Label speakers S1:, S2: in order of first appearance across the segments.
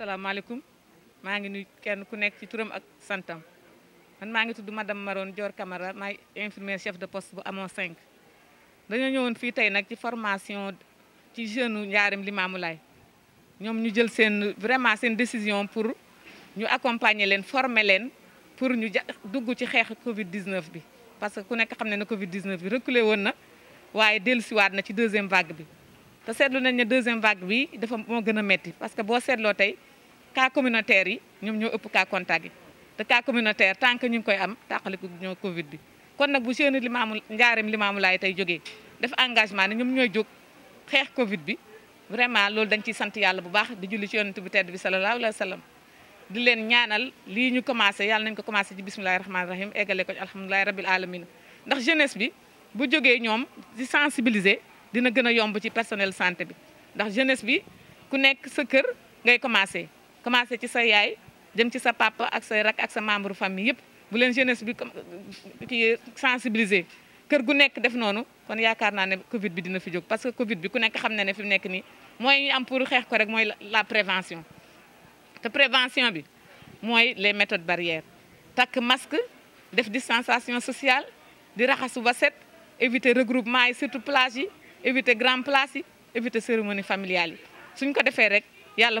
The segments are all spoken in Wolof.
S1: salaamaaleykum maa ngi nuyu kenn ku nekk ci turam ak santam man maa ngi tudd madame Maron Dior Camara maay infirmière chef de poste bu amoo 5 dañoo ñëwoon fii tey nag ci formation ci jeune njaarim Limaamu lay ñoom ñu jël seen vraiment seen décision pour ñu accompagner leen former leen pour ñu dugg ci xeex Covid 19 bi parce que ku nekk xam ne Covid 19 bi reculé woon na waaye dellusiwaat na ci deuxième vague bi te seetlu nañ ne deuxième vague bi dafa moo gën a metti parce que boo seetloo tey. cas communautaire yi ñoom ñoo ëpp cas contact yi te cas communautaire tant que ñu ngi koy am tàqaliku ñoo Covid bi kon nag bu seeni limaamu njaareem limaamu laay tey jógee def engagement ne ñoom ñooy jóg xeex Covid bi vraiment loolu dañ ciy sant yàlla bu baax di julli ci yonent bi tedd bi sallallahu alayhi wa sallam di leen ñaanal lii ñu commencé yàlla nañ ko commencé ci bismillahi rahmaani rahim eggale ko ci alhamdulilahi rabil alamin ndax jeunesse bi bu jógee ñoom di sensibiliser dina gën a yomb ci personnel santé bi ndax jeunesse bi ku nekk sa kër ngay commencé Comment ci sa yaay sa papa ak sa rak ak sa famille bu leen jeunesse bi sensibiliser kër gu nekk def kon ne Covid bi dina parce que Covid bi ku ne am pour ko rek la prévention te prévention bi les méthodes barrières takk masque def distanciation sociale di raxasu éviter regroupement yi surtout plage yi éviter grand place yi éviter cérémonie familiale yi suñ ko defee rek yàlla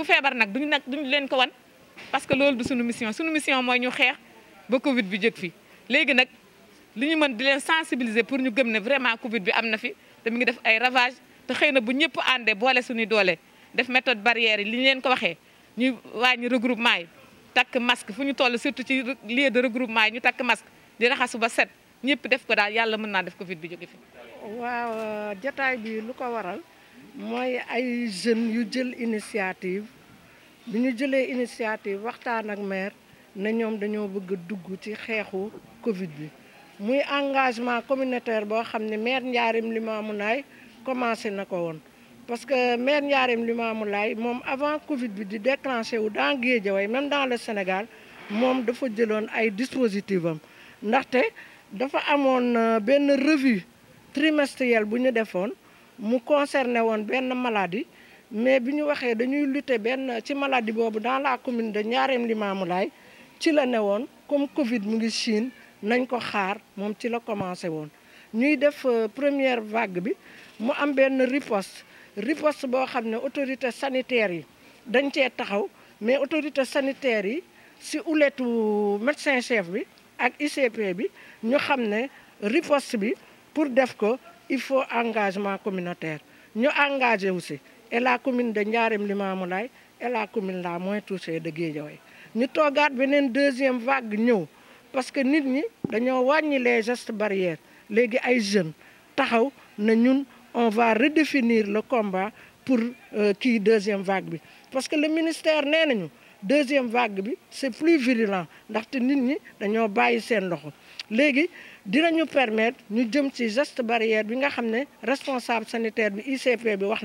S1: ku feebar nag duñ nak duñ leen ko wan parce que loolu du suñu mission suñu mission moy ñu xeex ba Covid bi jëk fi légui nak liñu ñu mën di leen sensibiliser pour ñu gëm né vraiment Covid bi amna fi té mi ngi def ay ravage té xeyna bu ñëpp andé boole suñu doolé def méthode barrière yi li leen ko waxé ñu wañu regroupement tak masque fu ñu toll surtout ci lieu de regroupement ñu tak masque di raxasu ba set ñëpp def ko daal yalla mëna def Covid bi jóge fi.
S2: waaw euh, jotaay bi lu ko waral. mooy ay jeunes yu jël initiative bi ñu jëlee initiative waxtaan ak maire na ñoom dañoo bëgg dugg ci xeexu Covid bi muy engagement communautaire boo xam ne maire Ndiarème Limamoulaye commencé na ko woon. parce que maire Ndiarème Limamoulaye moom avant Covid bi di déclenché wu dans Guédiawaye même dans le Sénégal moom dafa jëloon ay dispositif am ndaxte dafa amoon euh, benn revue trimestrielle bu ñu defoon. mu concerné won ben maladie mais biñu waxé dañuy lutter ben ci maladie bobu dans la commune de Ndiarème Limamoulaye ci la ne comme Covid mu ngi Chine nañ ko xaar mom ci la commencé won ñuy def euh, première vague bi mu am ben riposte riposte bo xamné autorité sanitaire yi dañ cee taxaw mais autorité sanitaire yi si ouletu médecin chef bi ak ICP bi ñu xamné riposte bi pour def ko il faut engagement communautaire Nous engagé aussi. et la commune de Ndiarème Limamoulaye et la commune la moins touchée de Guédiawaye ñu regardons une deuxième vague parce que nous, ñi vu les gestes barrières Les jeunes nous na on va redéfinir le combat pour qui euh, deuxième vague parce que le ministère est là deuxième vague bi c'est plus virulent nous, nit ñi dañoo bàyyi seen loxo nous dinañu permettre ñu jëm ci geste barrière bi nga xam ne responsable sanitaire bi ICP bi wax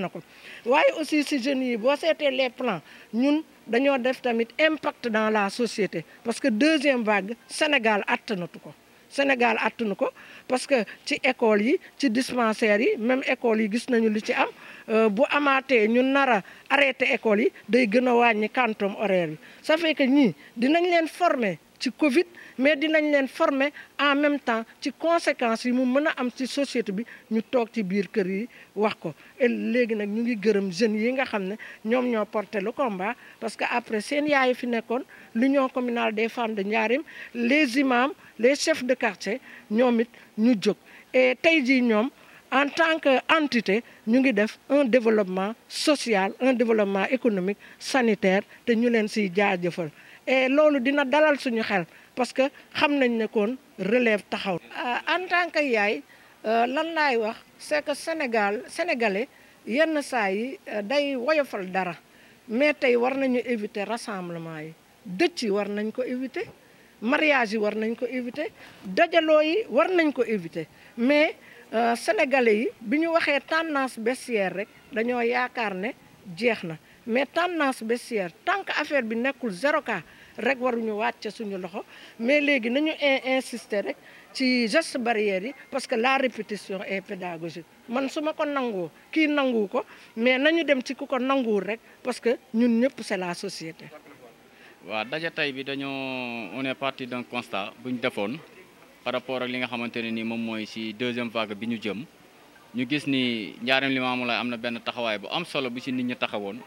S2: aussi si jeunes yi boo seetee les plans ñun dañoo def tamit impact dans la société parce que deuxième vague Sénégal attanatu ko Sénégal attunu ko parce que ci école yi ci dispensaire yi même école yi gis nañu lu ci am euh, bu amaatee ñu nar a arrêté école yi day gën a wàññi quantum horaire yi ça fait ñii dinañ leen former ci Covid mais dinañ leen former en même temps ci conséquences yi mu mën a am ci société bi ñu toog ci biir kër yi wax ko et léegi nag ñu ngi gërëm jeunes yi nga xam ne ñoo porté le combat parce que après seen yaay fi nekkoon l'union communale des femmes de Ndiarème les imams les chefs de quartier ñoom it ñu jóg et tey jii ñoom. en tant que entité ñu ngi def un développement social un développement économique sanitaire te ñu leen siy jaajëfal et loolu dina dalal suñu xel parce que xam nañ ne kon relève taxaw. Euh, en tant que yaay euh, lan laay wax c'est que Sénégal sénégalais yenn saa yi euh, day woyofal dara mais tey war nañu éviter rassemblement yi dëcc yi war nañ ko éviter mariage yi war nañ ko éviter dajaloo yi war nañ ko éviter mais. Euh, sénégalais yi bi ñu waxee tendance baissière rek dañoo yaakaar ne jeex na mais tendance baissière tant que affaire bi nekkul zéro cas rek waruñu wàcce suñu loxo mais léegi nañu insister rek ci geste barrière yi parce que la répétition est pédagogique man suma ma ko nangoo kii nangu ko mais nañu dem ci ku ko nanguwul rek parce que ñun ñëpp c'est la société.
S3: waa daja tey bi dañoo on est parti d'un constat bu ñu defoon. par rapport ak li nga xamante ne ni moom mooy si deuxième vague bi ñu jëm ñu gis ni Njaareem Limaamulaay am na benn taxawaay bu am solo bu ci nit ñu taxawoon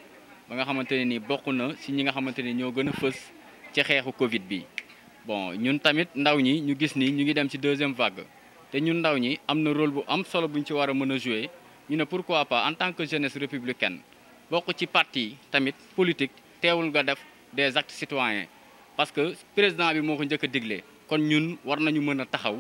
S3: ba nga xamante ne ni bokk na si ñi nga xamante ni ñoo gën a fës ci xeexu Covid bi bon ñun tamit ndaw ñi ñu gis ni ñu ngi dem si deuxième vague te ñun ndaw ñi am na rôle bu am solo bu ñu ci war a mën a jouer ñu ne pour quoi pas en tant que jeunesse républicaine bokk ci partie tamit politique teewul nga def des actes parce que président bi moo ko njëkk a digle kon ñun war nañu mën a taxaw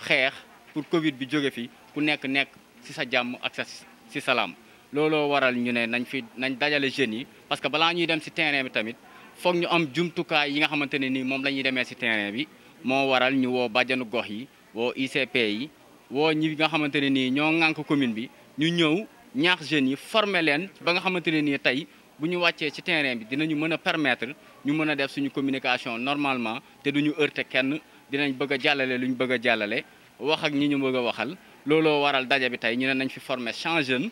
S3: xeex pour Covid bi jóge fi ku nekk nekk ci sa jàmm ak sa ci salaam looloo waral ñu ne nañ fi nañ dajale jeunes yi parce que balaa ñuy dem ci terrain bi tamit foog ñu am jumtukaay yi nga xamante ne nii moom lañuy demee ci terrain bi moo waral ñu woo bàjjanu gox yi woo ICP yi woo ñi nga xamante ne nii ñoo ŋànk commune bi ñu ñëw ñaax jeunes yi former leen ba nga xamante ne nii tey buñu ñu ci terrain bi dinañu mëna permettre ñu mëna def suñu communication normalement té duñu heurter kenn dinañ bëgg jallalé jàllale lu ñu bëgg a wax ak ñi ñu bëgg waxal looloo waral dajja bi tay ñu ne nañ fi former jeune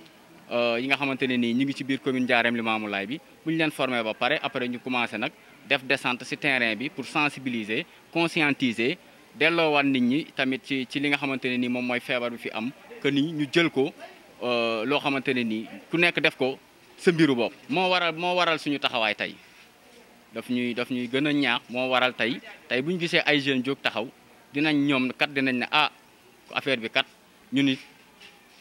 S3: euh yi nga xamante ne nii ngi ci biir commune Ndiarème lay bi buñu ñu leen former ba paré après ñu commencer nak def descente ci terrain bi pour sensibiliser conscientiser delloowaat nit ñi tamit ci ci li nga xamante ne nii moom mooy bi fi am que ni ñu jël ko euh lo ne nii ku nekk def ko. sa mbiru bopp moo waral moo waral suñu taxawaay tey daf ñuy daf ñuy gën a ñaax moo waral tey tey bu ñu gisee ay jeunes jóg taxaw dinañ ñoom kat dinañ ne ah affaire bi kat ñu nit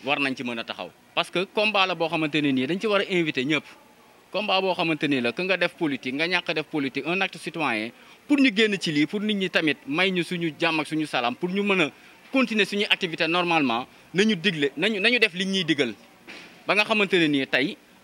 S3: war nañ ci mën a taxaw parce que combat la boo xamante ne nii dañ ci war a invité ñëpp combat boo xamante ni la que nga def politique nga ñàkk def politique un acte citoyen pour ñu génn ci lii pour nit ñi tamit may ñu suñu jàmm suñu salaam pour ñu mën a continuer suñuy activité normalement nañu digle nañu nañu def li ñuy digal ba nga xamante nii tey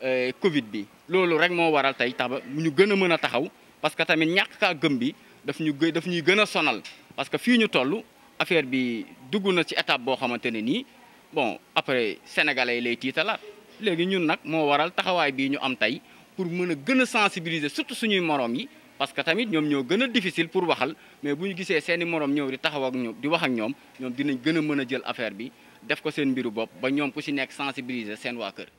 S3: Euh, Covid bi lolu rek mo waral tay tax ba ñu gëna mëna taxaw parce que tamit ñak ka gëm bi daf ñu daf ñuy gëna sonal parce que fi ñu tollu affaire bi duguna ci étape bo xamantene ni bon après sénégalais lay titalat légui ñun nak mo waral taxaway bi ñu am tay pour mëna gëna sensibiliser surtout suñuy morom yi parce que tamit ñom ñoo gëna difficile pour waxal mais buñu ñu gisee seeni moroom ñëw di taxaw ak ñoom di wax ak ñom ñom dinañ gëna mëna jël affaire bi def ko seen mbiru bop ba ñom ku ci nekk sensibiliser seen waa kër